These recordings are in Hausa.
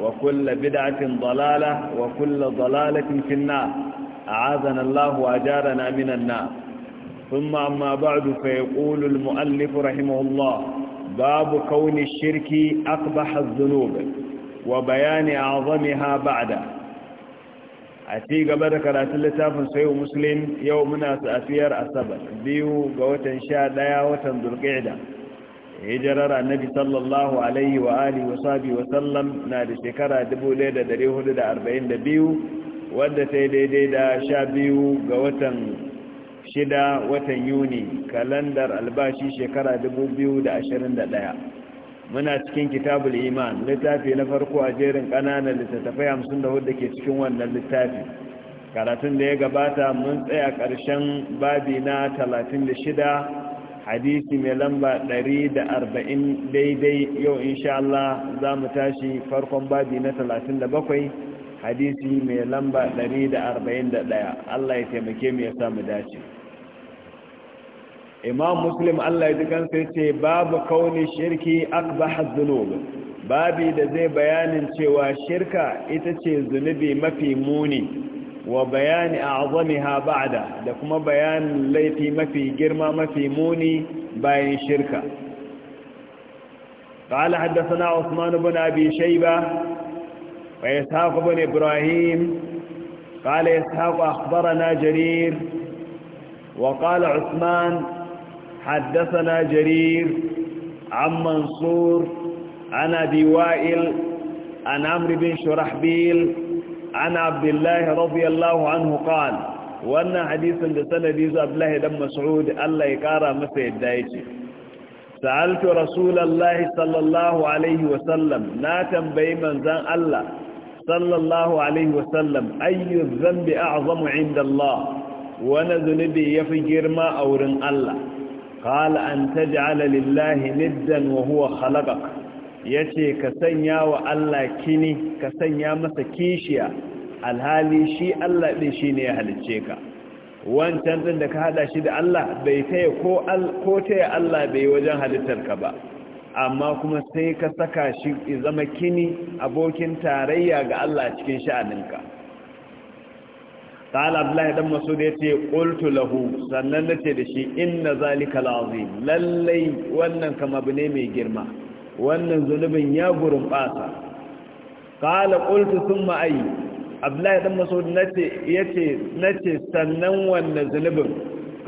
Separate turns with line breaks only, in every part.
وكل بدعة ضلالة وكل ضلالة في النار أعاذنا الله وأجارنا من النار ثم أما بعد فيقول المؤلف رحمه الله باب كون الشرك أقبح الذنوب وبيان أعظمها بعد أتي قبل كرات اللتاف سيو مسلم يومنا سأفير أسبت بيو قوة شاء يوتن ذو القعدة hijirar annabi sallallahu alaihi wa alihi wa sahbihi wa sallam na da shekara 1442 wadda ta daidai da sha biyu ga watan shida watan yuni kalandar albashi shekara 2021 muna cikin kitabul iman littafi na farko a jerin kananan littattafai 54 da ke cikin wannan littafi karatun da ya gabata mun tsaya karshen babi na 36 hadisi mai lamba 140 daidai yau insha Allah za mu tashi farkon babi na 37 hadisi mai lamba 141 Allah ya taimake mu ya samu dace imam muslim Allah ya dukan sai ce babu kauni shirki akbah dhunub babi da zai bayanin cewa shirka ita ce zunubi mafi muni وبيان أعظمها بعد لكم بيان ليتي ما في جرما ما في موني باين shirka قال حدثنا عثمان بن أبي شيبة ويسحاق بن إبراهيم قال يسحاق أخبرنا جرير وقال عثمان حدثنا جرير عن منصور عن أبي وائل عن عمرو بن شرحبيل an abdullahi radiyallahu anhu qal wannan hadisin da sanadi zu abdullahi dan mas'ud Allah ya kara masa yadda yake sa'altu rasulullahi sallallahu alaihi wa sallam na tambayi manzon Allah sallallahu alaihi wa sallam ayyu dhanbi a'zamu inda Allah wani zunubi ya fi girma a wurin Allah ƙala an ta ji ala lillahi niddan wa huwa ya ce ka sanya wa Allah kini ka sanya masa kishiya alhali shi Allah ɗin shi ne ya halicce ka wancan ɗin da ka haɗa shi da Allah bai taya ko taya Allah bai wajen halittar ka ba amma kuma sai ka saka shi zama kini abokin tarayya ga Allah cikin sha'aninka ta'ala abdullahi dan masud yace ƙultu lahu sannan na ce da shi inna zalika lazim lallai wannan kama ne mai girma wannan zunubin ya gurɓata kala qultu thumma ay abdullahi dan masud nace yace sannan wannan zunubin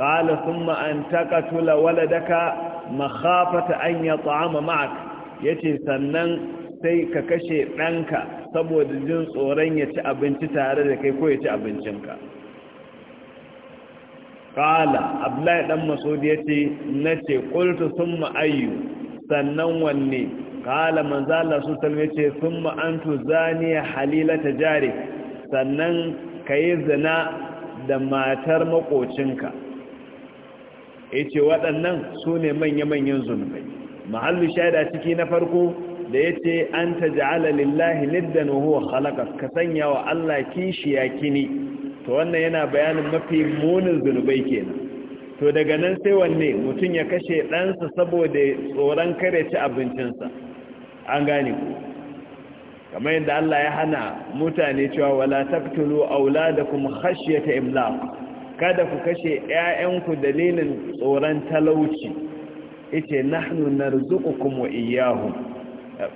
kala thumma an taqatula waladaka makhafata an ya yat'ama ma'ak yace sannan sai ka kashe ɗanka saboda jin tsoron ya ci abinci tare da kai ko ya ci abincinka kala abdullahi ɗan masudi ya ce na ce sun ma'ayi. sannan wanne kala manzo Allah su salme ce thumma antu zaniya halilata jari sannan kai zina da matar makocinka yace waɗannan sune manya-manyan zunubai mahallu shaida ciki na farko da yace an taj'ala lillahi niddan wa huwa khalaqak ka sanya wa Allah kishiya kini to wannan yana bayanin mafi munin zunubai kenan to daga nan sai wanne mutum ya kashe ɗansa saboda tsoron kare ci abincinsa an gane ku kamar yadda Allah ya hana mutane cewa wala taktulu auladakum khashyata imlaq kada ku kashe ƴaƴanku dalilin tsoron talauci yace nahnu narzuqukum wa iyyahum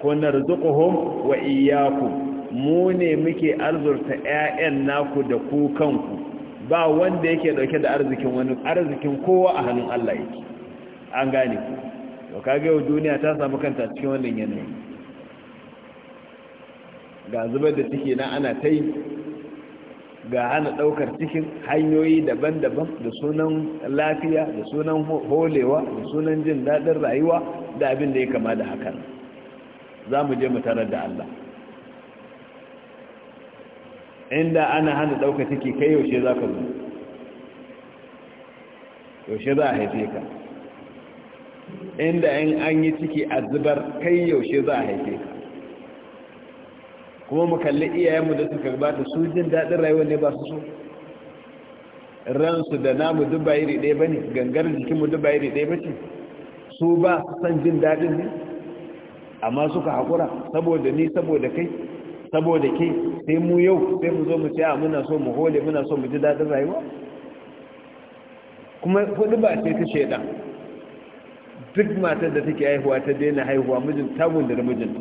ko narzuquhum wa iyyakum mu ne muke arzurta ƴaƴan naku da ku kanku ba wanda yake dauke da arzikin wani arzikin kowa a hannun Allah yake an gane to kage yau duniya ta samu kanta cikin wannan yanayi ga zubar da ciki na ana ta ga hana daukar cikin hanyoyi daban-daban da sunan lafiya da sunan holewa da sunan jin daɗin rayuwa da abin da ya kama da hakan za mu je mu tarar da Allah inda ana hana ɗauka ciki kai yaushe za ka zo yaushe za a haife ka inda in an yi ciki a zubar kai yaushe za a haife ka kuma mu kalli iyayenmu da suka gabata su jin daɗin rayuwar ne ba su so ransu da namu duba iri ɗaya ba ne gangar jikinmu duba iri ɗaya ba ce su ba su san jin daɗin ne amma suka haƙura saboda ni saboda kai saboda ke sai mu yau sai mu zo mu ce a muna so mu hole muna so mu ji daɗin rayuwa kuma hudu ba ce ta shaidan duk matar da take haihuwa ta daina haihuwa mijin ta gundar mijinta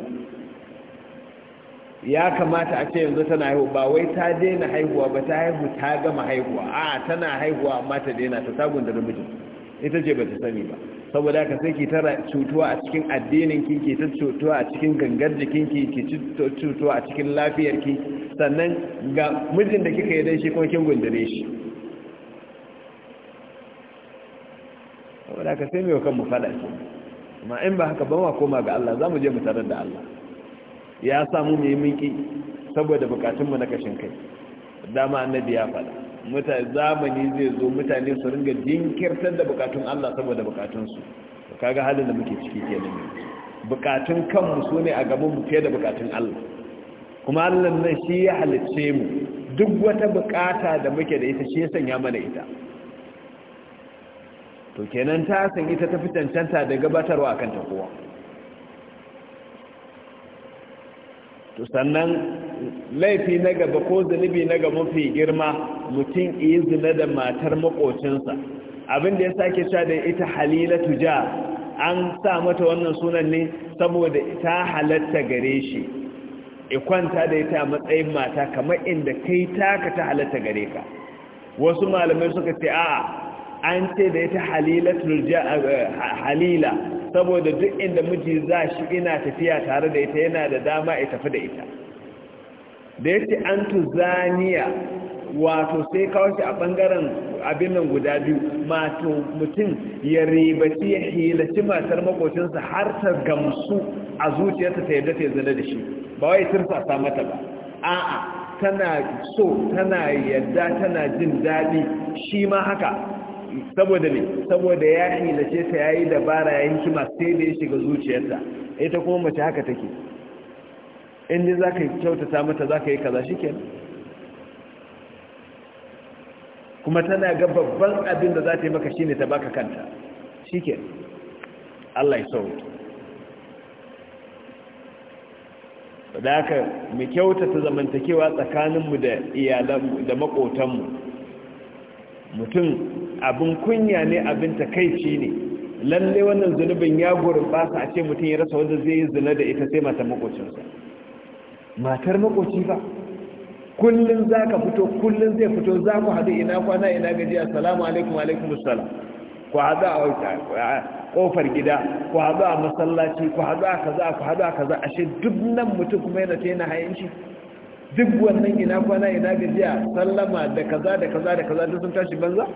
ya kamata a ce yanzu tana haihuwa ba wai ta daina haihuwa ba ta haihu ta gama haihuwa a tana haihuwa amma ta daina ta ta gundar mijinta ita ce bata sani ba saboda ka sai ki tara cutuwa a cikin addinin ki ki ta cutuwa a cikin gangar jikin ki ki cutuwa a cikin lafiyar ki sannan ga mijin da kika yi dan shi kuma kin gundare shi saboda ka sai mai kan mu fada shi amma in ba haka ba ma koma ga Allah zamu je mu tarar da Allah ya samu mu yi minki saboda bukatunmu na kashin kai dama annabi ya fada zamani zai zo mutane su ringa jinkirtar da bukatun Allah saboda bukatunsu kaga halin da muke ciki kenan bukatun kanmu su ne a gaban mu fiye da bukatun Allah kuma Allah nan shi ya halicce mu duk wata bukata da muke da ita shi ya sanya mana ita to kenan ta san ita ta fitancanta da gabatarwa akan ta kowa to sannan laifi na gaba ko zunubi na gaba mafi girma mutum iya zina da matar makocinsa abin da ya sake sha da ita halila tuja an sa mata wannan sunan ne saboda ta halatta gare shi ikwanta da ita matsayin mata kamar inda kai taka ta halatta gare ka wasu malamai suka ce a'a an ce da ita halila saboda duk inda miji za shi ina tafiya tare da ita yana da dama ya tafi da ita da ya ce an tuzaniya wato sai kawashi a ɓangaren abin nan guda biyu mato mutum ya ribaci ya hilaci matar makocinsa har ta gamsu a zuciyarta ta yadda ta zana da shi ba wai ta mata ba a'a tana so tana yadda tana jin daɗi shi ma haka saboda ne saboda ya hilace ta yayi dabara yayin kima sai da ya shiga zuciyarta ita kuma mace haka take in ji za ka kyautata mata za ka yi kaza shi ke kuma tana ga babban abin da za ta yi maka shi ne ta baka kanta shi ke allah ya da haka mu kyautata zamantakewa tsakaninmu da iyalanmu da makotanmu mutum abin kunya ne abin takaici ne lalle wannan zunubin ya gurin ba a ce mutum ya rasa wanda zai yi zina da ita sai mata makocinsa matar makoci ba kullum za ka fito kullum zai fito za ku haɗu ina kwana ina gaji assalamu alaikum alaikum salam ku haɗu a ƙofar gida ku haɗu a masallaci ku haɗu a kaza ku haɗu a kaza ashe duk nan mutum kuma yana ta yana hayan shi duk wannan ina kwana ina gaji sallama da kaza da kaza da kaza duk sun tashi banza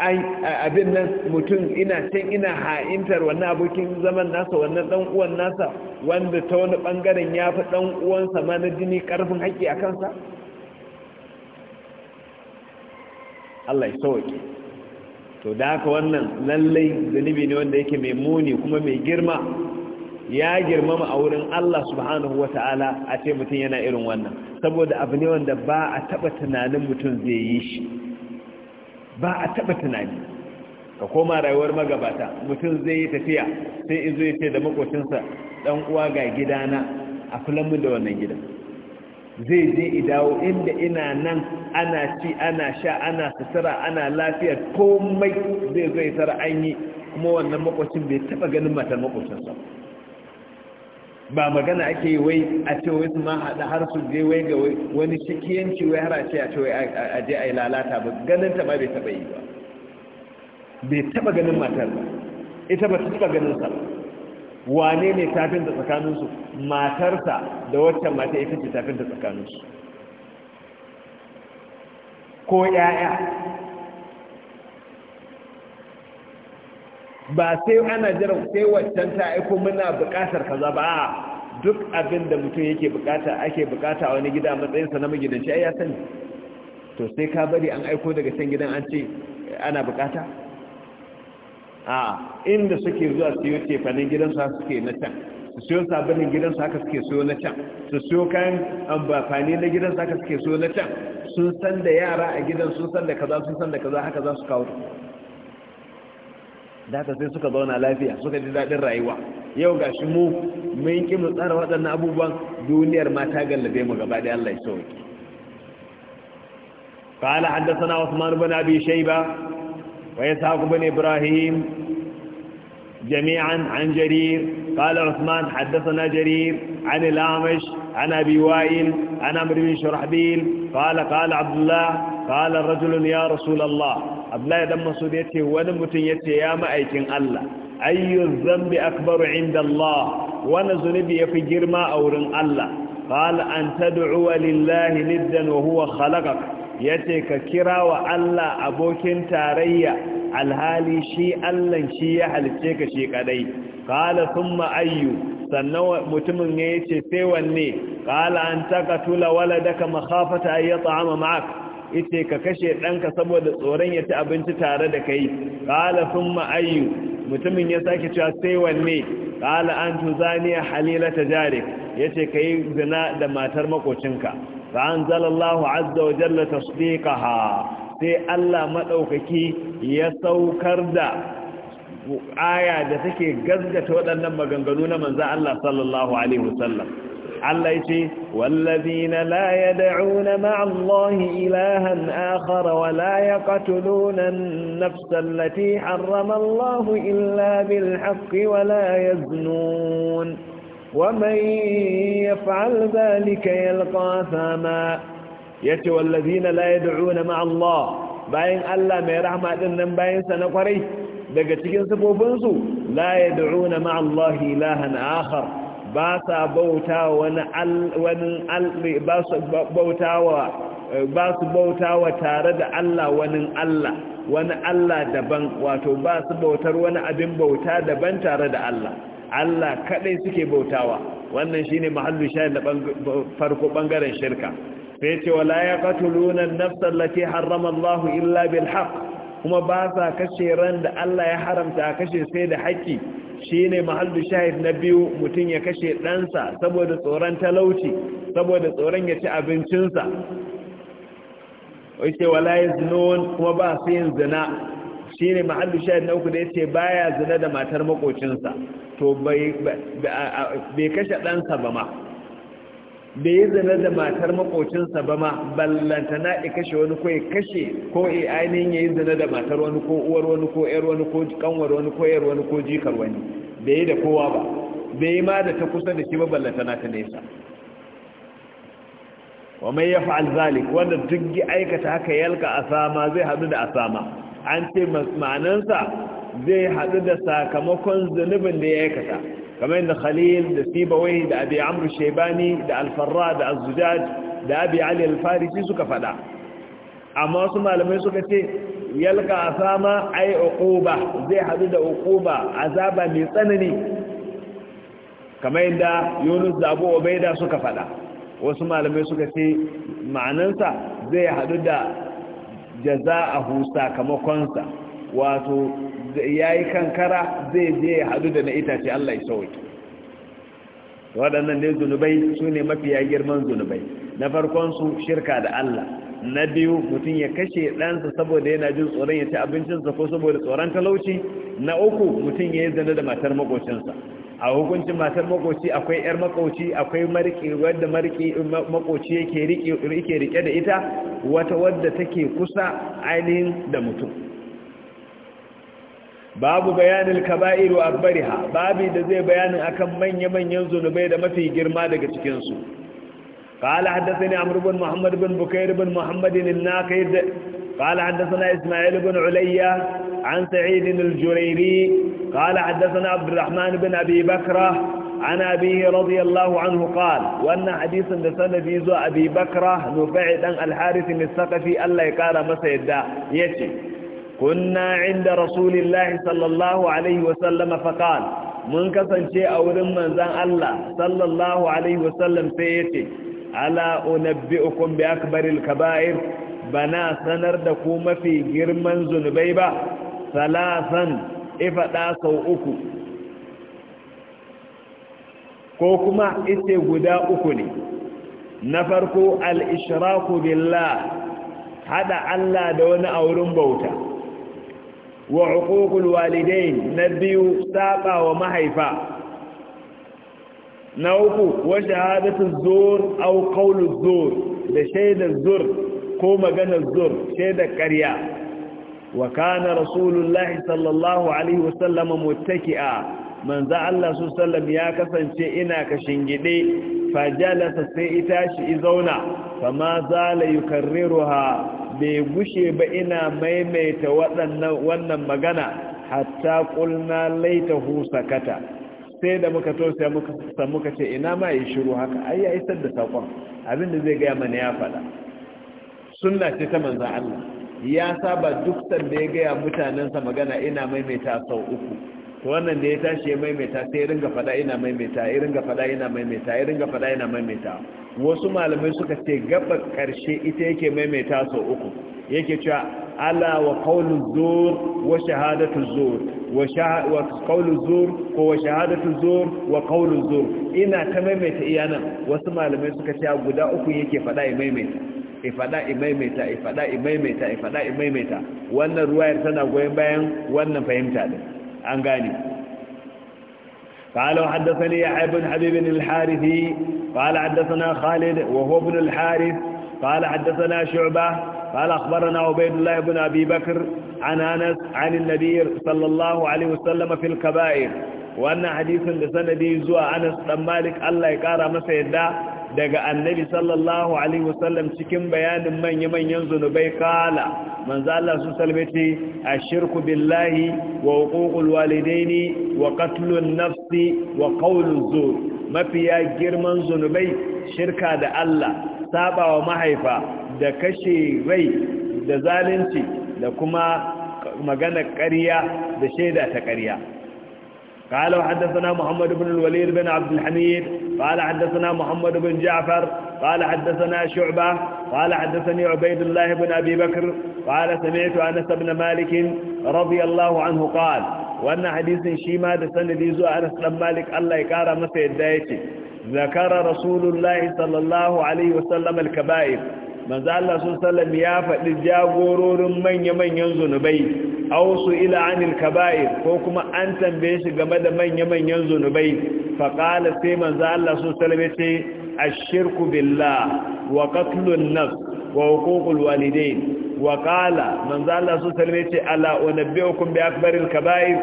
abin nan mutum ina can ina ha'intar wannan abokin zaman nasa wannan dan uwan nasa wanda ta wani bangaren ya fi dan uwansa ma na jini karfin haƙƙi a kansa Allah ya sauke to da haka wannan lallai zunubi ne wanda yake mai muni kuma mai girma ya girmama a wurin Allah subhanahu wa Ta'ala, a ce mutum yana irin wannan saboda abu ne wanda ba a taɓa tunanin mutum zai yi shi ba a taɓa tunani ka koma rayuwar magabata mutum zai yi tafiya sai izo ya ce da makocinsa dan uwa ga gidana a kulanmu da wannan gidan zai je dawo inda ina nan ana ci ana sha ana sutura ana lafiya komai zai zai tara an yi kuma wannan makocin bai taɓa ganin matar makocinsa ba magana ake yi wai a ce wai su ma haɗa har su je wai ga wani shikiyanci wai har a ce a ce wai a je a yi lalata ba ganin ta ba bai taɓa yi ba bai taɓa ganin matar ba ita ba ta taɓa ganin sa wane ne tafin da tsakaninsu matarsa da wacce mata ita ce tafin da tsakaninsu ko 'ya'ya ba sai ana jiran sai waccan ta aiko muna bukatar kaza ba duk abin da mutum yake bukata ake bukata wani gida matsayinsa na magidanci ai ya sani to sai ka bari an aiko daga can gidan an ce ana bukata a inda suke zuwa siyo fanin gidansu haka suke na can su siyo gidan gidansu haka suke siyo na can su siyo kayan amfani na gidansu haka suke siyo na can sun san da yara a gidan sun san da kaza sun san da kaza haka za su kawo data sai suka zauna lafiya suka ji daɗin rayuwa yau ga shi mu mun ki mu tsara waɗannan abubuwan duniyar ma ta gallabe mu gaba da Allah ya sauki قال حدثنا عثمان بن أبي شيبة ويسحق بن إبراهيم جميعا عن جرير قال عثمان حدثنا جرير عن الامش عن أبي وائل عن امر بن شرحبيل قال قال عبد الله قال رجل يا رسول الله abdullahi dan masud ya ce wani mutum ya ce ya ma'aikin Allah ayyun zambi akbaru inda Allah wani zunubi ya fi girma a wurin Allah qala an tad'uwa lillahi niddan wa huwa khalaqak yace ka kira wa Allah abokin tarayya alhali shi Allah shi ya halice ka shi kadai qala thumma ayyu sannan mutumin ya ce sai wanne ƙala an taka tula wala daga makafata ya ta'ama ma'ak yace ka kashe ɗanka saboda tsoron ya ci abinci tare da kai qala thumma mutumin ya sake cewa sai wanne ƙala an tuzaniya halilata ce yace yi zina da matar makocinka an zalallahu azza wa jalla ha sai Allah maɗaukaki ya saukar da aya da take gaskata waɗannan maganganu na manzan Allah sallallahu Alaihi wasallam حلتي والذين لا يدعون مع الله إلها آخر ولا يقتلون النفس التي حرم الله إلا بالحق ولا يزنون ومن يفعل ذلك يلقى ثاما يتي والذين لا يدعون مع الله باين ألا من رحمة النم باين سنقريه لقد تكن سبوبنسو لا يدعون مع الله إلها آخر ba sa bauta wani ba su bautawa tare da Allah wani Allah wani Allah daban wato ba su bautar wani abin bauta daban tare da Allah Allah kaɗai suke bautawa wannan shine mahallu shayin da farko bangaren shirka sai ce wala ya qatuluna an-nafsa illa bil kuma ba sa kashe ran da Allah ya haramta kashe sai da haƙƙi shi ne mahallu shahid na biyu mutum ya kashe ɗansa saboda tsoron talauci saboda tsoron ya ci abincinsa wace wala ya zinon kuma ba su yin zina shi ne mahallu shahid na uku da ya ce ba ya zina da matar makocinsa to bai kashe ɗansa ba ma bai yi zane da matar makocinsa ba ma ballanta na ya kashe wani ko ya kashe ko ya ainihin ya yi zane da matar wani ko uwar wani ko yar wani ko kanwar wani ko yar wani ko jikar wani bai yi da kowa ba bai yi ma da ta kusa da shi ba ballanta na ta nesa wa mai ya fa'al zalik wanda duk aikata haka yalka asama zai hadu da asama an ce ma'anansa zai haɗu da sakamakon zunubin da ya aikata kamar yadda khalil da sibawai da abi amru shaibani da alfarra da azujaj da abi ali alfarisi suka faɗa amma wasu malamai suka ce yalka asama ai uquba zai haɗu da uquba azaba mai tsanani kamar yadda yunus da abu ubaida suka faɗa wasu malamai suka ce ma'anansa zai haɗu da hu sakamakonsa wato ya yi kankara zai je ya hadu da na itace Allah ya sauki waɗannan ne zunubai su ne mafiya girman zunubai na farkon su shirka da Allah na biyu mutum ya kashe ɗansa saboda yana jin tsoron ya ci abincinsa ko saboda tsoron talauci na uku mutum ya yi zane da matar makocinsa a hukuncin matar makoci akwai 'yar makoci akwai mariki wadda mariki makoci yake rike da ita wata wadda take kusa ainihin da mutum babu bayanin kaba'iru a bariha babu da zai bayanin akan manya-manyan zunubai da mafi girma daga cikinsu ƙala haddasa ne amur bin muhammadu bin bukair bin na ka da ƙala haddasa na ismail bin ulayya an sa'idin aljurairi ƙala haddasa na abdurrahman bin abi bakra an abihi radiyallahu an hukal wannan hadisun da sanadi zuwa abi bakra nufai dan alharis ne allah ya kara masa yadda ya kunna inda rasulillahi sallallahu alaihi wasallam faqal mun kasance a wurin manzon Allah sallallahu alaihi wasallam sai yace ala unabbiukum bi akbaril kaba'ir bana sanar da ku mafi girman zunubai ba salasan ifada sau uku ko kuma ite guda uku ne na farko al-ishraku billah hada Allah da wani a wurin bauta wa uququl walidain na biyu saba wa mahaifa na uku wa shahadatu zur aw qawlu zur da shaidar zur ko maganar zur shaidar ƙarya wa kana rasulullahi sallallahu alaihi wasallam muttaki'a manzo Allah sallallahu ya kasance ina kashin gide fajalasa sai ita shi izauna yi zala yukarriruha bai gushe ba ina maimaita wannan magana hatta kulna laita hu sai da muka tosa muka muka ce ina ma yi shiru haka ai ya isar da sakon abinda zai gaya mana ya faɗa. sunna ce ta manzan Allah ya saba duk sanda ya gaya mutanensa magana ina maimaita sau uku to wannan da ya tashi ya maimaita sai ya ringa fada ina maimaita ya ringa fada ina maimaita ya ringa fada ina maimaita wasu malamai suka ce gaba karshe ita yake maimaita sau uku yake cewa ala wa qawlu zur wa shahadatu zur wa qawlu zur ko wa shahadatu zur wa qawlu zur ina ta maimaita iyana. wasu malamai suka ce guda uku yake fada ya maimaita ifada maimaita ifada fada ifada maimaita wannan ruwayar tana goyen bayan wannan fahimta din عن gane قال وحدثني يحيى بن حبيب الحارثي قال حدثنا خالد وهو ابن الحارث قال حدثنا شعبة قال أخبرنا عبيد الله بن أبي بكر عن أنس عن النبي صلى الله عليه وسلم في الكبائر وأن حديث لسندي زوى أنس بن مالك الله يقارى مسيدا daga annabi sallallahu alaihi wasallam cikin bayanin manya-manyan zunubai kala manzo Allah su salmete ashirku billahi wa huququl walidaini wa qatlun nafsi wa qawlu zur mafiya girman zunubai shirka da Allah sabawa mahaifa da kashe rai da zalunci da kuma magana ƙarya da shaida ta ƙarya قال وحدثنا محمد بن الوليد بن عبد الحميد قال حدثنا محمد بن جعفر قال حدثنا شعبة قال حدثني عبيد الله بن أبي بكر قال سمعت أنس بن مالك رضي الله عنه قال وأن حديث شيما دسند يزو أنس بن مالك الله يكار مسيد دايتي ذكر رسول الله صلى الله عليه وسلم الكبائر من ذا الله صلى الله عليه وسلم يافت للجاغورور من يمن ينزن بيه awsu ila 'anil kaba'ir ko kuma an tambaye shi game da manya-manyan zunubai fa qala sai manzo Allah su sallame ce ash-shirku billah wa qatlun nafs wa huququl walidain wa qala manzo Allah su sallame ce ala unabbiukum bi akbaril kaba'ir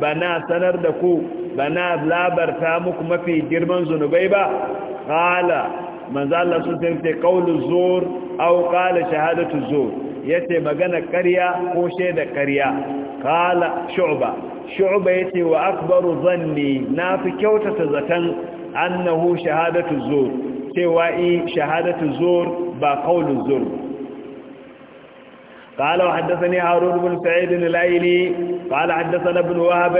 bana sanar da ku bana labarta muku mafi girman zunubai ba qala manzo Allah su sallame ce qaulu zur aw qala shahadatu zur yace magana ƙarya ko shaida ƙarya kala shu'ba shu'ba yace wa akbaru zanni fi kyautata zaton annahu shahadatu zur cewa i eh, shahadatu zur ba kaulu zur قال وحدثني هارون بن سعيد الايلي قال حدثنا ابن وهب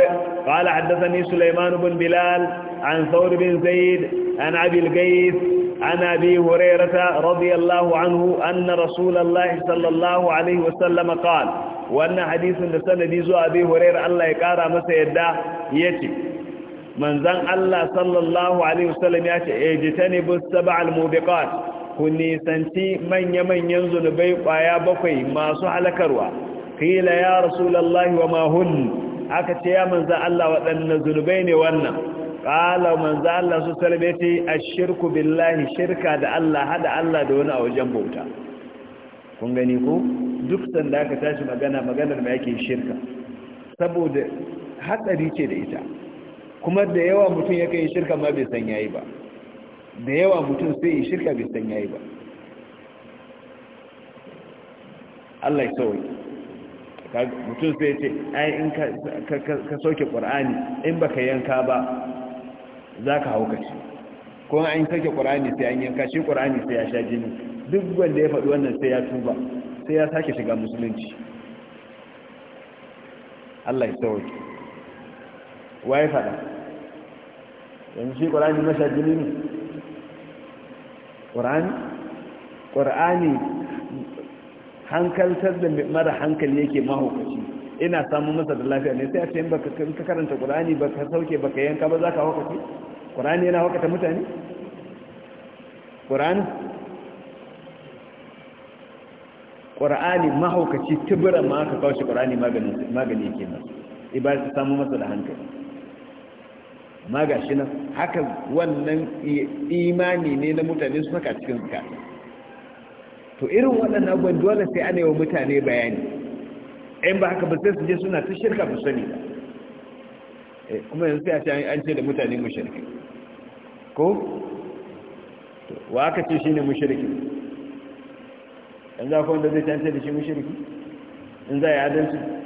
قال حدثني سليمان بن بلال عن ثور بن زيد عن ابي القيس عن ابي هريره رضي الله عنه ان رسول الله صلى الله عليه وسلم قال وان حديث لسندي زو ابي هريره الله يقرا masa yadda yace manzon Allah sallallahu alaihi wasallam yace ejtani bis sab'al mubiqat ku nisanci manya-manyan zunubai kwaya bakwai masu halakarwa kila ya rasulallahi wa mahun aka ce ya manza Allah waɗannan zunubai ne wannan ƙala manza Allah su salbe a shirku billahi shirka da Allah hada Allah da wani a wajen bauta kun gani ko duk sanda aka tashi magana maganar mai yake shirka saboda hatsari ce da ita kuma da yawa mutum yake yi shirka ma bai san yayi ba da yawa mutum sai yi shirka bai san yayi ba Allah ya sauke mutum sai ce ai in ka soke qur'ani in baka yanka ba zaka haukace ko an sauke qur'ani sai an yanka shi qur'ani sai ya sha jini duk wanda ya faɗi wannan sai ya tuba sai ya sake shiga musulunci Allah ya sauke waye faɗa yanzu shi qur'ani masha jini ne Qur'ani ƙur'ani hankaltar da mara hankali yake mahaukaci ina samun masa da lafiya ne sai a ce in ka karanta ƙur'ani ba ka sauke ba ka yanka ba za ka haukaci ƙur'ani yana haukata mutane ƙur'ani ƙur'ani mahaukaci tubura ma aka kawo shi ƙur'ani magani yake masu ibada samun masa da hankali ma ga shi nan haka wannan imani ne na mutane su maka cikin zukata to irin waɗannan abubuwan dole sai ana yi wa mutane bayani in ba haka ba sai su je suna ta shirka ba sani ba eh, kuma yanzu sai a ce an ce da mutane mushirki ko wa aka ce shi ne mushirki yanzu akwai wanda zai ce an ce da shi mushirki in za a yi adalci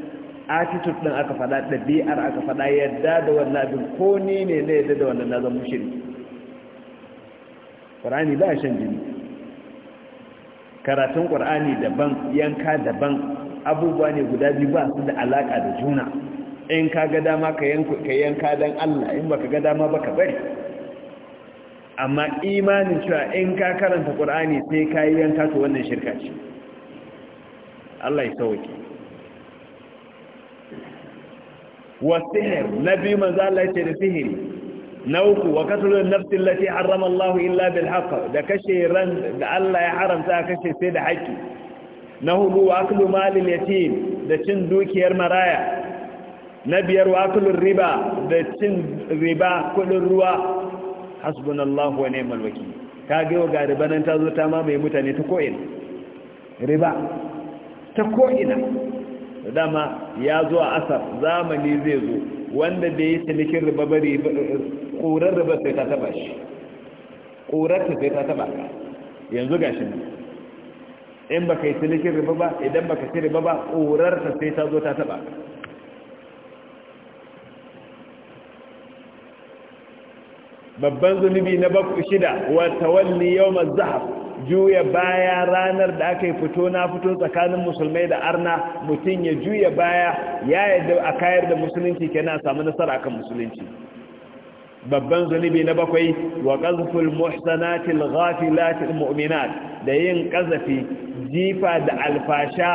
attitude din aka faɗa ɗabi'ar aka faɗa yadda da wannan abin ko ni ne na yadda da wannan na mushiri Qur'ani ƙwarani ba shan jini karatun ƙwarani daban yanka daban abubuwa ne guda biyu ba su da alaƙa da juna in ka ga dama ka yanka don allah in ba ga dama ba ka bari amma imanin cewa in ka karanta ƙwarani sai ka yi yanka to wannan shirka ce allah ya sauke wa sihir na biyu manzo Allah ce da sihiri na uku wa katulun nafsin lati harrama Allah illa bil haqq da kashe ran da Allah ya haramta kashe sai da haƙi na hudu wa aklu malil yatim da cin dukiyar maraya na biyar wa aklun riba da cin riba kudin ruwa hasbunallahu wa ni'mal wakil ka ga yau ga riba nan ta zo ta mutane ta ko'ina riba ta ko'ina dama ya zo a asar zamani zai zo wanda da ya cinikin riba rubabari ƙorar rubar sai ta taba shi ƙorar ta sai ta taba ka yanzu ga shi in ka yi cinikin riba ba idan baka ci riba ba ƙorar ta sai ta zo ta taba ka babban zunubi na bakwai shida wata tawalli yau zahab juya baya ranar da aka yi fito na fito tsakanin musulmai da arna mutum ya juya baya ya yadda a kayar da musulunci kenan samu nasara kan musulunci babban zunubi na bakwai wa qazful muhsanatil ghafilatil mu'minat da yin ƙazafi, jifa da alfasha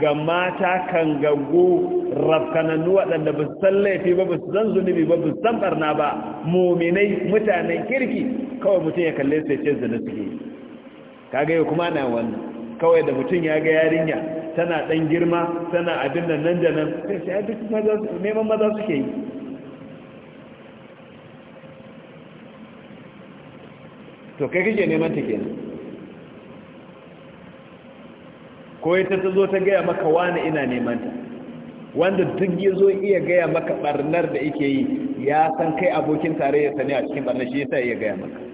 ga mata kan gaggo rafkananu waɗanda ba su san laifi ba su san zunubi ba ba su san barna ba muminai mutanen kirki kawai mutum ya kalle su ya ce zunubi kaga yau kuma na wannan kawai da mutum ya ga yarinya tana ɗan girma tana abin nan nan da nan sai sai duk neman maza suke yi to kai kake neman ta nan ko ita ta zo ta gaya maka wani ina neman ta wanda duk ya zo iya gaya maka ɓarnar da ike yi ya san kai abokin tare ya sani a cikin ɓarnar shi sa iya gaya maka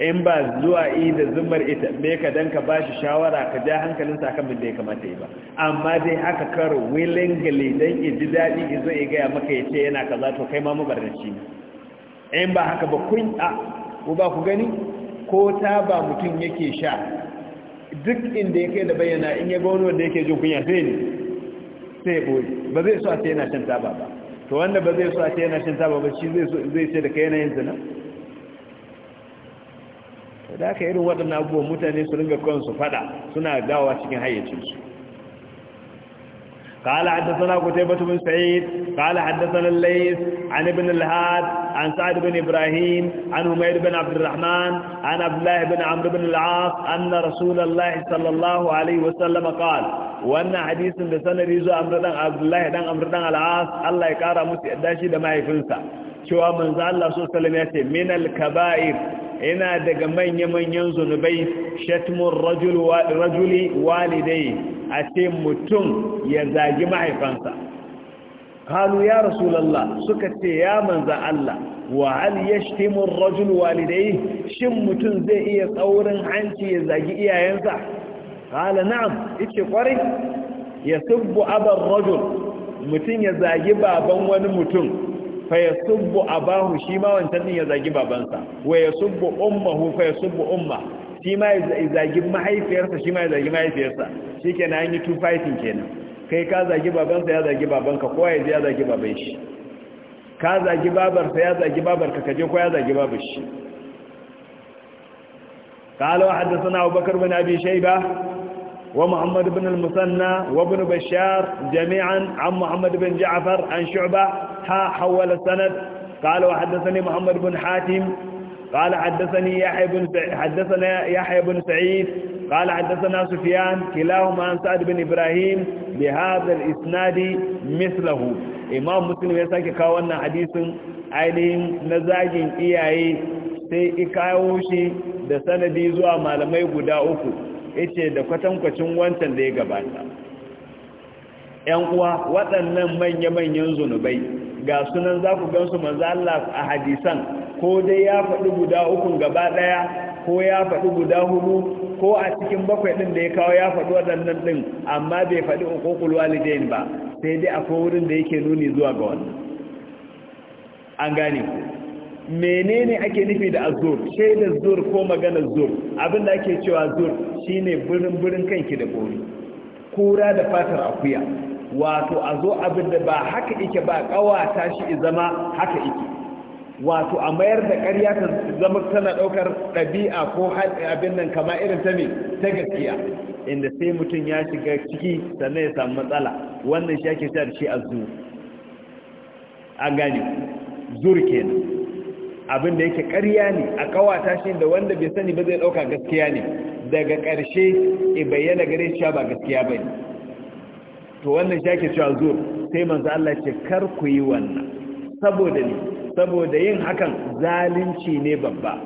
in ba zuwa yi da zumar ita me ka don ka ba shi shawara ka ja hankalinsa akan bin da ya kamata yi ba amma dai haka karo willingly dan ya ji daɗi ya zo ya gaya maka ya ce yana kaza to kai ma mabarnaci ne in ba haka ba kun a ko ba ku gani ko ta ba mutum yake sha duk inda ya kai da bayyana in ya ga wani wanda yake jin kunya sai ne sai ko ba zai so a ce yana shan taba ba to wanda ba zai so a ce yana shan taba ba shi zai so zai ce da kai yana yin zina da aka irin waɗannan abubuwan mutane su ringa kansu fada suna gawa cikin hayyacinsu قال حدثنا قتيبة بن سعيد قال حدثنا الليث عن ابن الهاد عن سعد بن إبراهيم عن همير بن عبد الرحمن عن عبد الله بن عمرو بن العاص أن رسول الله صلى الله عليه وسلم قال وأن حديث لسنة ريزو عبد الله بن عمرو بن العاص الله يقارى مسئداشي دماء فنسا شوى من ذا الله صلى الله عليه وسلم يأتي من الكبائر yana daga manya-manyan zunubai shatmun rajuli walidai a ce mutum ya zagi mahaifansa kanu ya rasulallah suka ce ya manza Allah wa hal yashtimur rajul walidayhi shin mutum zai iya tsaurin hanci ya zagi iyayensa kala na'am yace kwari. yasubbu aba rajul mutum ya zagi baban wani mutum fa yasubbu abahu shi ma wancan din ya zagi babansa wa yasubbu ummuhu fa yasubbu umma shi ma ya zagi mahaifiyarsa shi ma ya zagi mahaifiyarsa shikenan an yi two fighting kenan kai ka zagi babansa ya zagi babanka ko ya ya zagi baban shi ka zagi babarsa ya zagi babarka kaje ko ya zagi babar shi قال وحدثنا أبو بكر بن أبي شيبة ومحمد بن المثنى وابن بشار جميعا عن محمد بن جعفر عن شعبة ها حول السند قال وحدثني محمد بن حاتم قال حدثني يحيى بن حدثنا يحيى بن سعيد قال حدثنا سفيان كلاهما عن سعد بن ابراهيم بهذا الاسناد مثله امام مسلم ya sake kawo wannan hadisin ainihin na zagin iyaye sai ikawo shi da sanadi zuwa malamai guda uku yace da kwatankwacin wancan da ya gabata ‘yan uwa waɗannan manya-manyan zunubai ga sunan za ku gansu manzo Allah a hadisan ko dai ya faɗi guda ukun gaba ɗaya ko ya faɗi guda hudu ko a cikin bakwai ɗin da ya kawo ya faɗi waɗannan ɗin amma bai faɗi uƙoƙul walidain ba sai dai akwai wurin da yake nuni zuwa ga wannan an gane ku menene ake nufi da azur shaidar zur ko maganar zur da ake cewa zur shine birin birin kanki da kori kura da fatar akuya wato a zo abin da ba haka ike ba kawata shi zama haka ike wato a mayar da ƙarya ta zama tana ɗaukar ɗabi'a ko abin nan kama irin ta ne ta gaskiya inda sai mutum ya shiga ciki sannan ya samu matsala wannan shi ake shi shi a an gane kenan abin da yake ƙarya ne a kawata shi da wanda bai sani ba zai ɗauka gaskiya ne daga ƙarshe e bayyana gare shi ba gaskiya ba ne to wannan shi ake cewa zuwa sai manzo Allah ce kar ku yi wannan saboda ne saboda yin hakan zalunci ne babba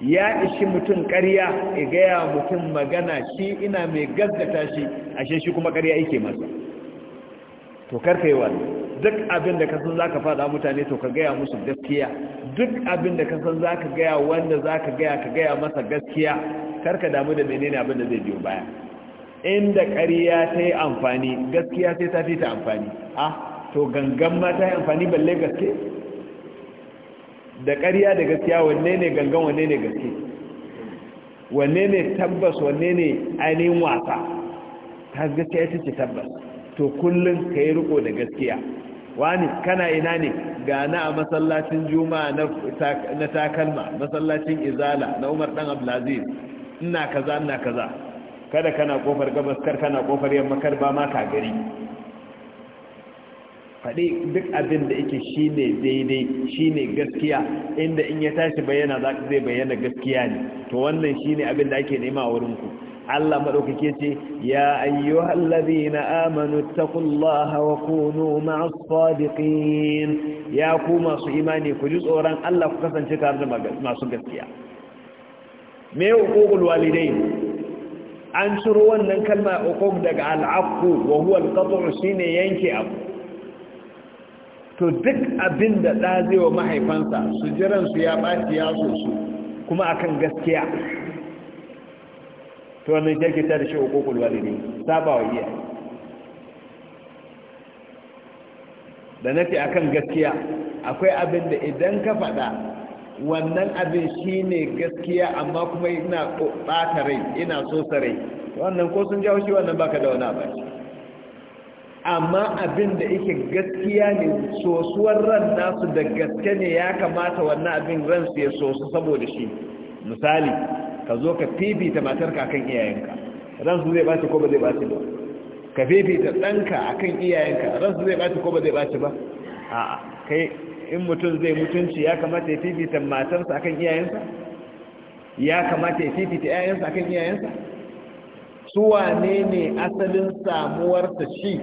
ya ishi mutum ƙarya e gaya mutum magana shi ina mai gaggata shi ashe shi kuma ƙarya yake masa to karka yi wani duk abin da kasan za ka fada mutane to ka gaya musu gaskiya duk abin da kasan za ka gaya wanda za ka gaya ka gaya masa gaskiya karka damu da menene abin da zai biyo baya inda ƙariya ta yi amfani gaskiya sai ta fi ta amfani a to gangan ma ta yi amfani balle gaske da ƙariya da gaskiya wanne ne gangan wanne ne gaske wanne ne tabbas wanne ne ainihin wasa ta gaskiya ce tabbas to kullum ka yi riko da gaskiya wani kana ina ne gana a masallacin juma'a na takalma masallacin izala na umar dan abdulaziz ina kaza ina kaza kada kana kofar gabas kar kana kofar yamma kar ba ma ka gari faɗi duk abin da yake shine daidai shine gaskiya inda in ya tashi bayyana zai bayyana gaskiya ne to wannan shine abin da ake nema a wurinku Allah maɗaukake ce ya ayyuhal na amanu taqullaha wa kunu ma'as sadiqin ya ku masu imani ku ji tsoron Allah ku kasance tare da masu gaskiya me uqul walidain an ciro wannan kalma uqub daga al'aqu wa huwa al shi shine yanke abu to duk abin da da zai wa mahaifansa su jiran su ya baci ya so su kuma akan gaskiya to wannan jirgin ta da shi hukukul walidai saba wa iya da nafi akan gaskiya akwai abin da idan ka faɗa wannan abin shine gaskiya amma kuma ina ɓata rai ina so rai wannan ko sun jawo shi wannan baka da wani abaci amma abin da yake gaskiya ne sosuwar ran nasu da gaske ne ya kamata wannan abin ransu ya sosu saboda shi misali ka zo ka fifita matarka akan iyayenka ran su zai baci ko ba zai baci ba ka fifita ɗanka akan iyayenka ran su zai baci ko ba zai baci ba a'a kai in mutum zai mutunci ya kamata ya fifita matarsa akan iyayensa ya kamata ya fifita iyayensa akan iyayensa su wane ne asalin samuwarsa shi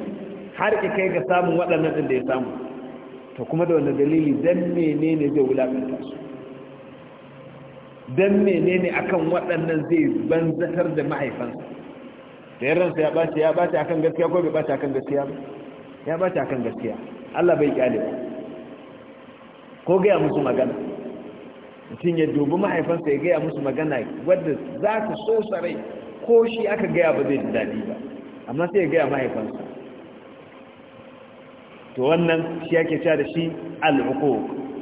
har ki kai ga samun waɗannan ɗin da ya samu to kuma da wanda dalili dan menene zai wulaƙanta su don menene akan waɗannan zai banzatar da mahaifansa da yaransa ya bace ya bace akan gaskiya ko bai bace akan gaskiya ba ya bace akan gaskiya Allah bai kyale ba ko gaya musu magana mutum ya dubi mahaifansa ya gaya musu magana wadda za ta so sarai ko shi aka gaya ba zai ji daɗi ba amma sai ya gaya mahaifansa to wannan shi ake cewa da shi al'uku,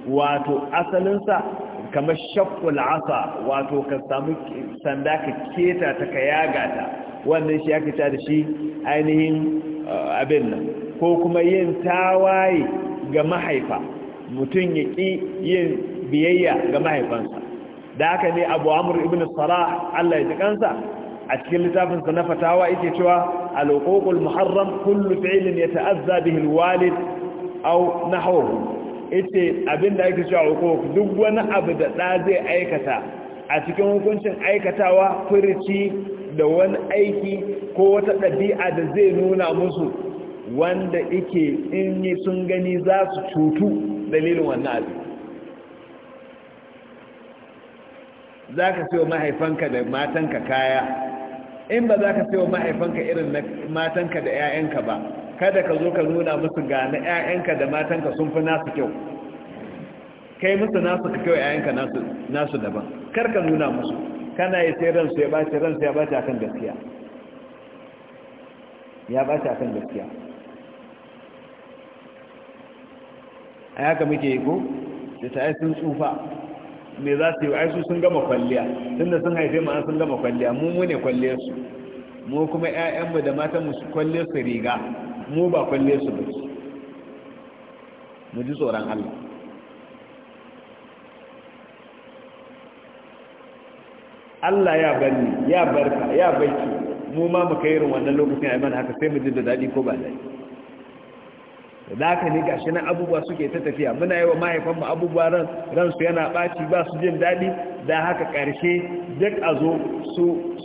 wato asalinsa kamar shakkul asa wato ka samu sanda ka keta ta ka yaga ta wannan shi aka ta da shi ainihin uh, abin nan ko kuma yin tawaye ga mahaifa mutum ya ƙi yin biyayya ga mahaifansa da haka ne abu amur ibn sarah allah ya ji kansa a cikin littafinsa na fatawa yake cewa alƙoƙul muharram kullu fi'ilin ya ta'azza bihi alwalid aw nahwahu ita abinda ake cewa hukuk duk wani abu da ɗa zai aikata a cikin hukuncin aikatawa firici da wani aiki ko wata ɗabi'a da zai nuna musu wanda ike in yi sun gani za su cutu dalilin wannan abu za ka sayo mahaifanka da matanka kaya in ba za ka sayo mahaifanka irin matanka da 'ya'yanka ba kada ka zo ka nuna musu ga na 'ya'yanka da matanka sun fi nasu kyau kai musu nasu ka kyau 'ya'yanka nasu daban kar ka nuna musu kana yi sai ransu ya bace ransu ya bace akan gaskiya ya bace akan gaskiya a haka muke yi ko da ta sun tsufa me za su yi ai su sun gama kwalliya tunda sun haife ma'an sun gama kwalliya mu mu ne kwalliyarsu mu kuma 'ya'yanmu da matanmu su kwalliyarsu riga mu ba kwalle su ba mu ji tsoron Allah Allah ya banni ya barka ya baki mu ma mu kai irin wannan lokacin a mana haka sai mu ji da daɗi ko ba daɗi da aka ne gashi nan abubuwa suke ta tafiya muna yi wa mahaifanmu abubuwa ran ransu yana ɓaci ba su jin daɗi da haka ƙarshe duk a zo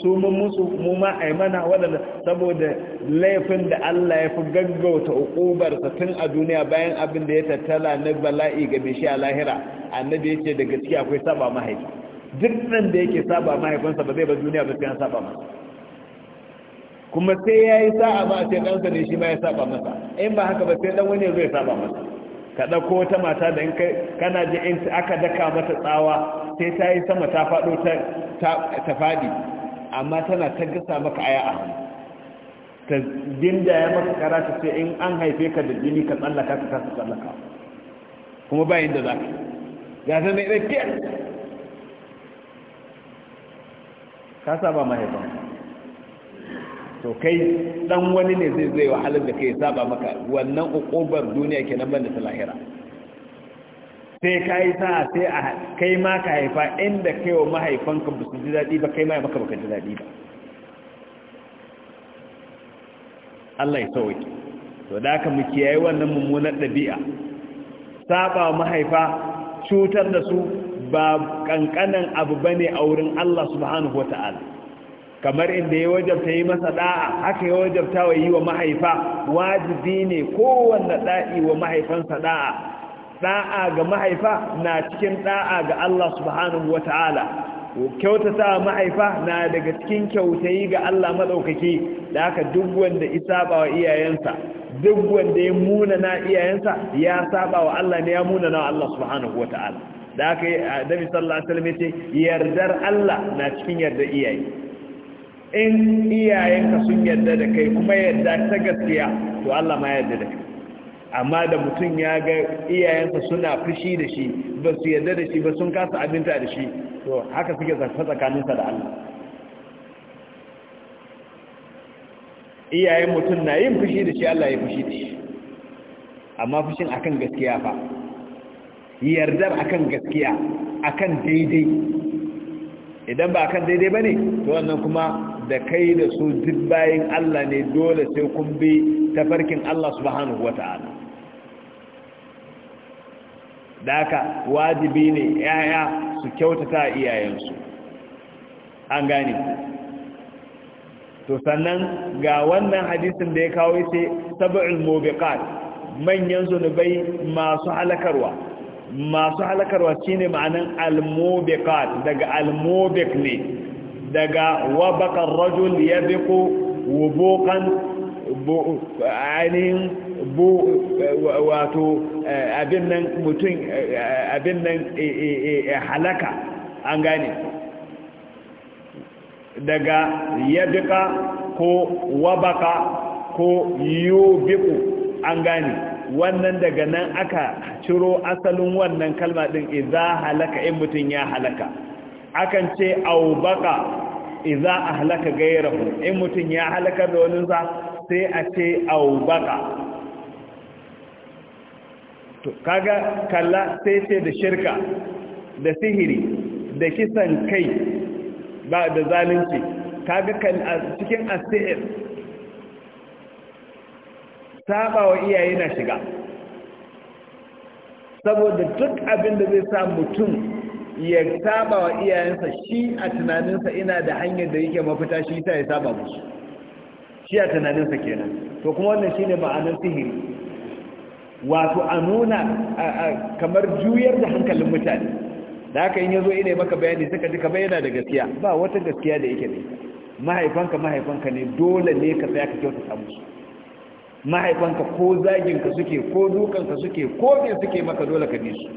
su mun musu mu ma a yi mana waɗanda saboda laifin da Allah ya fi gaggauta uƙubarsa tun a duniya bayan abin da ya tattala na bala'i ga bishi a lahira annabi ya ce da gaskiya akwai saba mahaifi duk nan da yake saba mahaifinsa ba zai ba duniya ba sai an saba masa kuma sai ya yi sa'a ba a ce ɗansa ne shi ma ya saba masa in ba haka ba sai ɗan wani zai saba masa ka ɗauko wata mata da in kana ji in aka daka mata tsawa sai ta yi sama ta faɗo ta faɗi amma tana ta gasa maka aya a hannu ta dinda ya maka kara ta ce in an haife ka da jini ka tsallaka ka kasa tsallaka kuma bayan da za ka ga ta mai ɗakiyar ka saba mahaifan to kai dan wani ne zai zai wahalar da kai saba maka wannan ukubar duniya kenan banda ta lahira sai ka yi sai a kai ma ka haifa inda kai wa mahaifanka ba su ji daɗi ba kai ma maka baka ji daɗi ba Allah ya sauki to da ka mu kiyaye wannan mummunar ɗabi'a saba mahaifa cutar da su ba kankanan abu bane a wurin Allah subhanahu wata'ala kamar inda ya wajabta yi masa da'a haka ya wajabta wa yi wa mahaifa wajibi ne kowanne da'i wa mahaifansa da'a da'a ga mahaifa na cikin da'a ga Allah subhanahu wata'ala kyautata mahaifa na daga cikin kyautayi ga Allah maɗaukaki da haka duk wanda isaba wa iyayensa duk wanda ya munana iyayensa ya saba wa Allah ne ya munana wa Allah subhanahu wata'ala da haka Nabi sallallahu alaihi wasallam yace yardar Allah na cikin yarda iyaye in iyayenka sun yarda da kai kuma yarda ta gaskiya to Allah ma yarda da kai amma da mutum ya ga iyayensa suna fushi da shi ba su yarda da shi ba sun kasa abinta da shi to haka suke zafa tsakaninsa da Allah iyayen mutum na yin fushi da shi Allah ya fushi da shi amma fushin akan gaskiya fa yardar akan gaskiya akan daidai idan ba akan daidai bane to wannan kuma da kai da su duk bayan Allah ne dole sai kun bi tafarkin Allah subhanahu wata'ala da haka wajibi ne yaya su kyautata iyayensu an gane to sannan ga wannan hadisin da ya kawo sai sab'ul mubiqat manyan zunubai masu halakarwa masu halakarwa shine ma'anan al-mubiqat daga al-mubiq ne daga wabakar rajul ya biku wubokan ainihin wato eh, abin nan mutum eh, abin eh, halaka an gane daga yabika ko wabaka ko yubiku an gane wannan daga nan aka ciro asalin wannan kalma din idza halaka in mutum ya halaka akan ce aubaka iza ahlaka gairahu in mutum ya halakar da wani sa sai a ce aubaka to kaga kalla sai ce da shirka da sihiri da kisan kai ba da zalunci kaga kan cikin asir saba wa iyaye na shiga saboda duk abin da zai sa mutum ya saba wa iyayensa shi a tunaninsa ina da hanyar da yake mafita shi ta ya saba musu shi a tunaninsa kenan to kuma wannan shine ma'anar sihiri wato a nuna kamar juyar da hankalin mutane da haka ya yazo ina maka bayani suka ji kamar yana da gaskiya ba wata gaskiya da yake da ita mahaifanka mahaifanka ne dole ne ka tsaya ka kyauta kyautata musu mahaifanka ko zaginka suke ko dukanka suke ko me suke maka dole ka bi su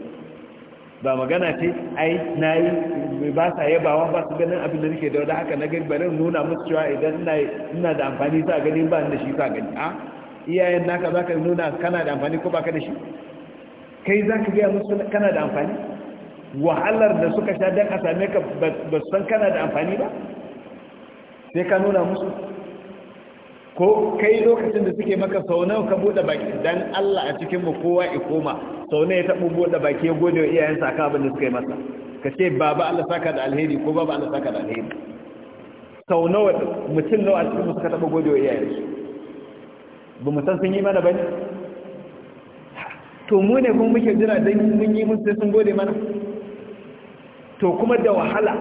ba magana ce ai na yi ba sa yabawa ba su ganin abin da nake da wadda haka na gani bari nuna musu cewa idan ina da amfani sa gani ba da shi sa gani a iyayen naka za ka nuna kana da amfani ko ba ka da shi kai za ka gaya musu kana da amfani wahalar da suka sha don a same ka ba su san kana da amfani ba sai ka nuna musu ko kai lokacin da suke maka sau nawa ka bude baki dan Allah a cikin mu kowa ya koma sau nawa ya tabu bude baki ya gode wa iyayensa sa abin da suka yi masa ka ce baba Allah saka da alheri ko baba Allah saka da alheri sau nawa mutum nawa a cikin mu suka taba gode wa iyayensu ba mu san sun yi mana bane to mu ne kuma muke jira dan mun yi mun sai sun gode mana to kuma da wahala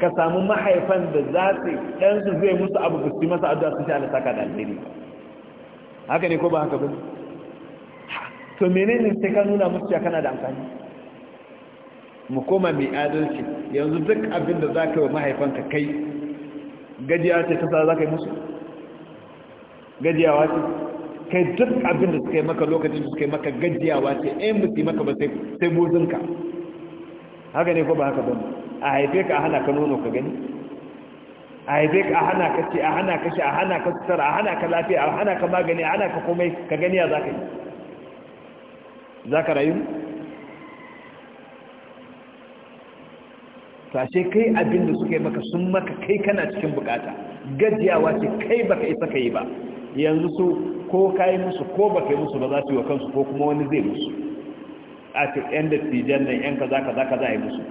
ka samu mahaifan da za su ɗansu zai musu abu gusti masa addu'a sun shi Allah saka da alheri haka ne ko ba haka ba to menene sai ka nuna musu kana da amfani mu koma mai adalci yanzu duk abin da za ka yi wa mahaifanka kai gajiya ce ta sa za ka yi musu gajiyawa ce kai duk abin da suka yi maka lokacin suka yi maka gajiyawa ce ɗayan musu maka ba sai buzinka haka ne ko ba haka ba a haife ka a hana ka nono ka gani a haife ka a hana ka ce a hana ka shi a hana ka tsara a hana ka lafiya a hana ka magani a hana ka komai ka gani ya za ka yi za ka rayu sashe kai abin da suka yi maka sun maka kai kana cikin bukata gajiyawa ce kai baka isa ka yi ba yanzu su ko ka yi musu ko baka yi musu ba za su yi wa kansu ko kuma wani zai musu a ce yan tijan nan yan kaza kaza kaza yi musu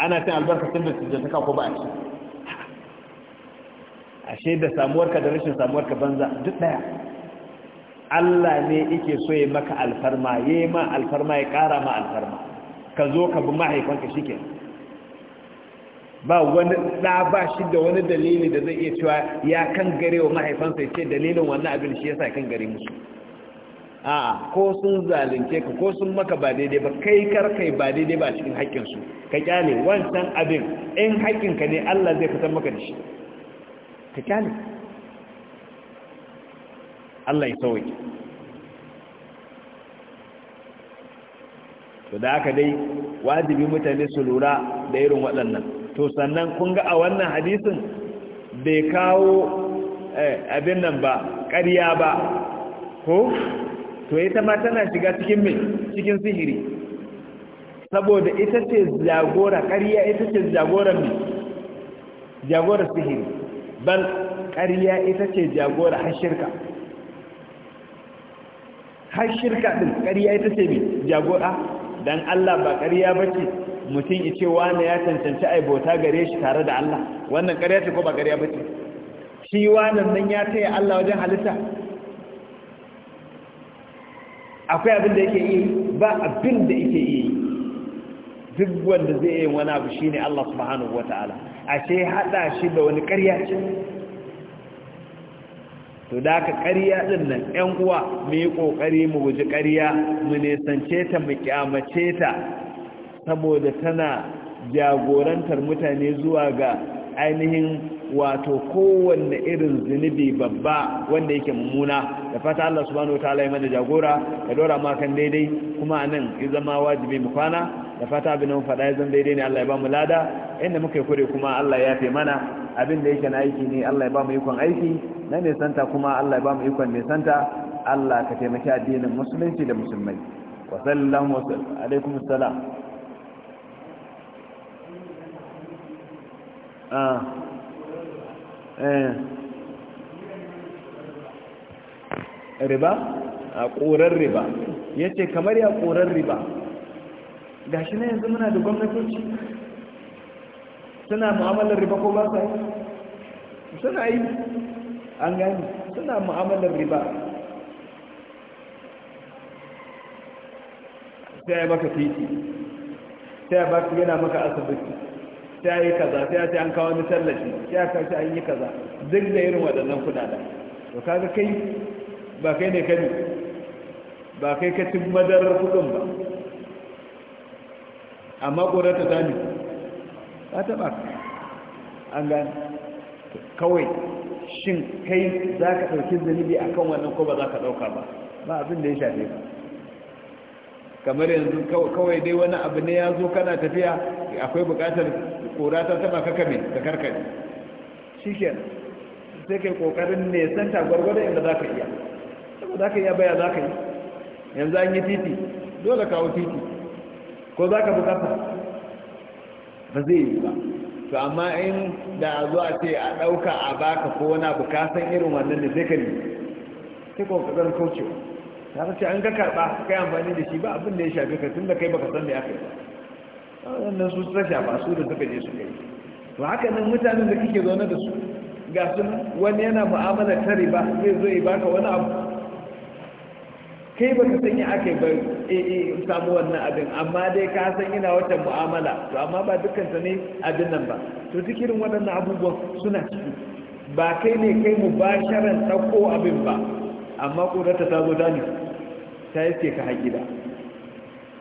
ana cin albarkacin da sujjata ka ko ba a ci ashe da samuwarka da rashin samuwarka banza duk daya Allah ne yake so ya maka alfarma ya yi ma alfarma ya ƙara ma alfarma ka zo ka bi mahaifanka shi ke ba wani ɗa ba shi da wani dalili da zai iya cewa ya kan gare wa mahaifansa ya ce dalilin wannan abin shi ya sa kan gare musu a'a ko sun zalunce ka ko sun maka ba daidai ba kai karkai ba daidai ba cikin haƙƙinsu ka kyale wancan abin in haƙƙinka ne Allah zai fitar maka da shi ka kyale Allah ya sauki to da aka dai wajibi mutane su lura da irin waɗannan to sannan kun ga a wannan hadisin bai kawo eh, abin nan ba ƙarya ba ko to ita ma tana shiga cikin mai cikin sihiri saboda ita ce jagora ƙarya ita ce jagoran mai jagorar sihiri bal ƙarya ita ce jagora har shirka har shirka ɗin ƙarya ita ce mai jagora don Allah ba ƙarya ba ce mutum ce wani ya cancanci aibota gare shi tare da Allah wannan ƙarya ce ko ba ƙarya ba ce shi wani nan ya taya Allah wajen halitta akwai abin da yake yi ba abin da yake yi duk wanda zai yi wani abu shi ne Allah subhanahu wa wataala ashe hada shi da wani ƙarya ce to da aka ƙarya ɗin nan ‘yan uwa mu yi ƙoƙari mu guji karya mu nesance ta mu kyamace ta saboda tana jagorantar mutane zuwa ga ainihin wato kowanne irin zunubi babba wanda yake mummuna da fata Allah subhanahu wataala ya mana jagora ya dora ma kan daidai kuma anan ya zama wajibi mu kwana da fata abin nan fada ya zama daidai ne Allah ya ba mu lada inda muka yi kure kuma Allah ya fi mana abin da yake na aiki ne Allah ya ba mu ikon aiki na ne santa kuma Allah ya ba mu ikon ne santa Allah ka taimaki addinin musulunci da musulmai wa sallallahu alaikum assalam ah Eh. riba a ƙorar riba ya ce kamar ya ƙorar riba ga shi na yanzu muna da gwamnatoci suna mu'amalar riba ko ba sa yi suna yi an gani suna mu'amalar riba sai ya baka titi sai ya baka yana maka asibiti sai yi kaza sai a ce an kawo misallaci sai a kawo an yi kaza duk da irin waɗannan kudada. to kaga kai ba kai ne kani ba kai ka cin madarar kudin ba amma ƙorata ta ne ba ta ba an ga kawai shin kai za ka ɗauki zunubi a kan wannan ko ba za ka ɗauka ba ba abin da ya shafe ba kamar yanzu kawai dai wani abu ne ya zo kana tafiya akwai bukatar kora ta sama ka kame da karkare shi ke sai kai kokarin ne ta gwargwadon inda za ka iya za ka iya baya za ka yi yanzu an yi titi dole kawo titi ko za ka bukata ba zai yi ba to amma in da a zo a ce a ɗauka a baka ko wani abu kasan irin wannan da zai ka ne sai kokarin kaucewa ta ce an ga karɓa kai amfani da shi ba abin da ya shafi ka tun da kai baka san da ya kai ba wannan su ta shafa su da suka je su kai to haka nan mutanen da kike zaune da su ga sun wani yana mu'amala ta riba zai zo ya baka wani abu kai baka san ya aka ba eh, eh samu wannan abin amma dai ka san ina wata mu'amala to amma ba dukkan ta ne abin nan ba to cikin waɗannan abubuwan suna ciki ba kai ne kai mu mubasharan ɗauko abin ba amma ƙorarta ta zo dani ta yake ka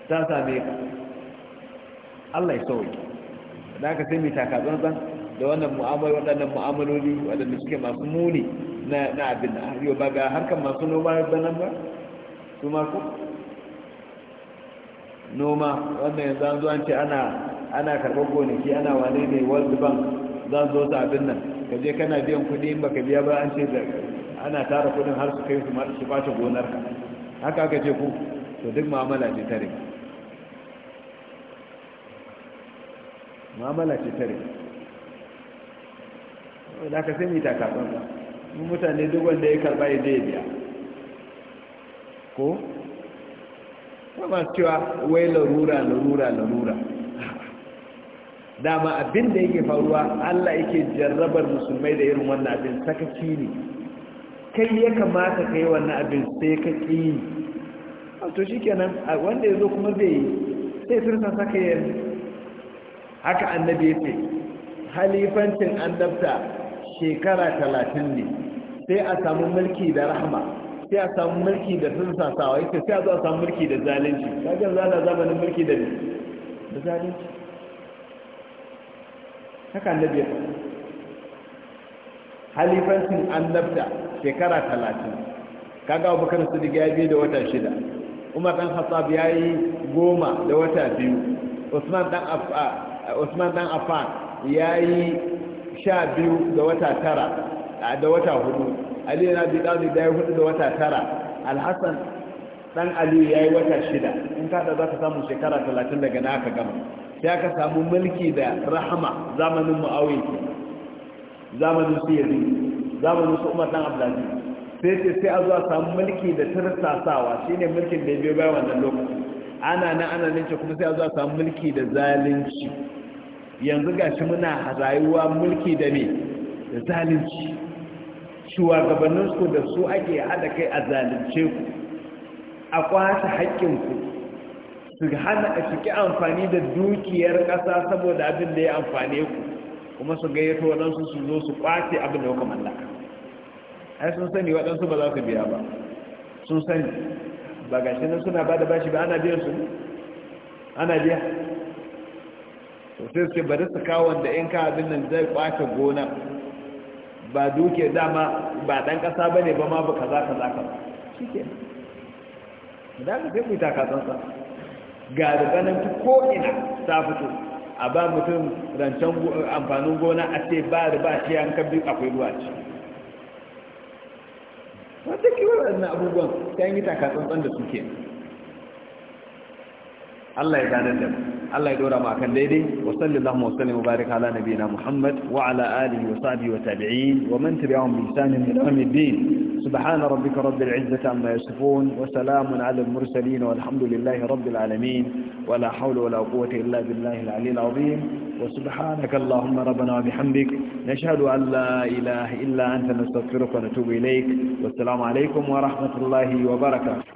da ta same ka allah ya sauri da aka sai mai takatsantsan da wannan mu'amalar waɗannan mu'amaloli waɗanda suke masu muni na abin da yau ba ga harkar masu noma da nan ba su masu noma wannan yanzu an zo an ce ana karɓar gonaki ana wane ne world bank za zo su abin nan ka je kana biyan kuɗi in baka biya ba an ce ana tara kudin har su kai su ma shi bace gonar ka haka aka ce ku to duk mu'amala ce tare. riba mu'amala ce tare. da ka sani ta kafin mu mun mutane duk wanda ya karba ya je biya ko kuma cewa wai larura larura larura dama abin da yake faruwa Allah yake jarrabar musulmai da irin wannan abin sakaci ne kai ya kamata ka yi wannan abin sai ka ƙi a to shi kenan wanda ya zo kuma zai yi sai tursa saka yanzu haka annabi ya ce halifancin annabta shekara talatin ne sai a samu mulki da rahama sai a samu mulki da tursasawa yake sai a zo a samu mulki da zalunci kajan zala zamanin mulki da zalunci haka annabi ya faɗa halifancin annabta shekara talatin kaga abubakar siddiq ya biyu da wata shida umar dan hasab ya yi goma da wata biyu usman dan afan ya yi sha biyu da wata tara da wata hudu ali yana bi ɗazi da ya hudu da wata tara alhassan dan aliyu ya yi wata shida in kada za ka samu shekara talatin daga na aka gama sai aka samu mulki da rahama zamanin mu'awiyar zamanin su yanzu zamanin su umar dan abdulaziz sai sai sai a zuwa samu mulki da tarsasawa shine mulkin da ya biyo wannan lokaci ana nan ana nan ce kuma sai a zuwa samu mulki da zalunci yanzu gashi muna rayuwa mulki da me da zalunci shugabannin su da su ake hada kai a zalunce ku a kwashe haƙƙin ku su hana a ciki amfani da dukiyar ƙasa saboda abin da ya amfane ku kuma su gayyato waɗansu su zo su ƙwace abin da kuka mallaka ai sun sani waɗansu ba za su biya ba sun sani ba gashi nan suna ba da bashi ba ana biyan su ana biya to sai su ce bari su kawo wanda in ka abin nan zai ƙwace gona ba duke dama ba ɗan ƙasa ba ne ba ma ba kaza kaza kaza shi ke da ka sai mu yi takatsansa ga da ganin ko ina ta fito a ba mutum rancen amfanin gona a ce ba da ba ce an bi akwai ruwa ce wata abubuwan ta yi taka da suke Allah ya ganar da mu Allah ya dora mu akan daidai wa sallallahu wa sallam baraka ala nabiyina Muhammad wa ala alihi wa sahbihi wa tabi'in wa man tabi'ahum bi ihsan ila yawm al-din subhana rabbika rabbil izzati amma yasifun wa salamun ala al-mursalin walhamdulillahi rabbil alamin wa la hawla wa la quwwata illa billahi al-'ali al-'azim wa subhanaka allahumma rabbana wa bihamdik nashhadu an la ilaha illa anta nastaghfiruka wa natubu ilayk wa assalamu alaykum wa rahmatullahi wa barakatuh